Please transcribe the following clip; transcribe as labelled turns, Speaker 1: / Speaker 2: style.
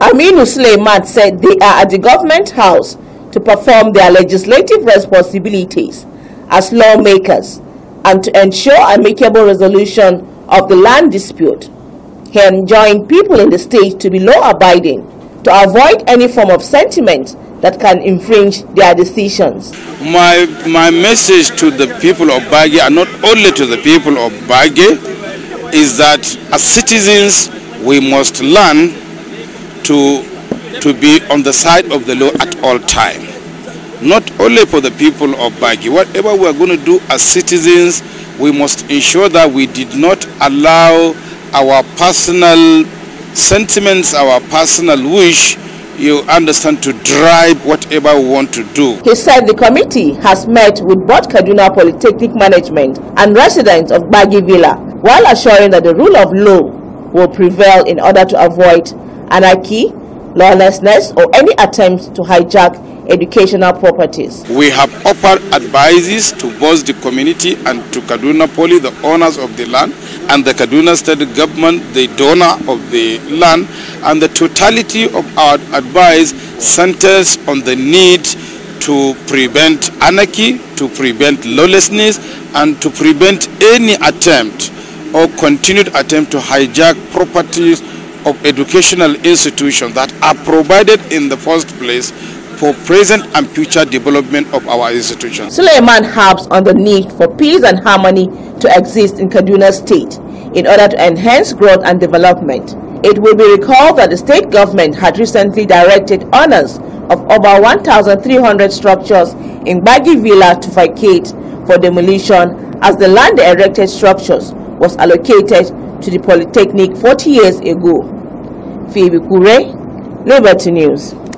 Speaker 1: Aminu Suleiman said they are at the government house to perform their legislative responsibilities as lawmakers and to ensure amicable resolution of the land dispute. He enjoined people in the state to be law-abiding to avoid any form of sentiment that can infringe their decisions.
Speaker 2: My, my message to the people of Bagi, and not only to the people of Bagi, is that as citizens, we must learn to, to be on the side of the law at all time. Not only for the people of Bagi. Whatever we are going to do as citizens, we must ensure that we did not allow our personal sentiments, our personal wish, you understand, to drive whatever we want to do.
Speaker 1: He said the committee has met with both Kaduna Polytechnic Management and residents of Bagi Villa while assuring that the rule of law will prevail in order to avoid anarchy, lawlessness, or any attempt to hijack educational properties.
Speaker 2: We have offered advices to both the community and to Kaduna Poly, the owners of the land, and the Kaduna State Government, the donor of the land, and the totality of our advice centers on the need to prevent anarchy, to prevent lawlessness, and to prevent any attempt or continued attempt to hijack properties of educational institutions that are provided in the first place for present and future development of our institutions. Suleiman
Speaker 1: harps on the need for peace and harmony to exist in Kaduna State in order to enhance growth and development. It will be recalled that the state government had recently directed owners of over 1,300 structures in Bagi Villa to vacate for demolition as the land erected structures was allocated to the Polytechnic 40 years ago. Phoebe Kure, Liberty News.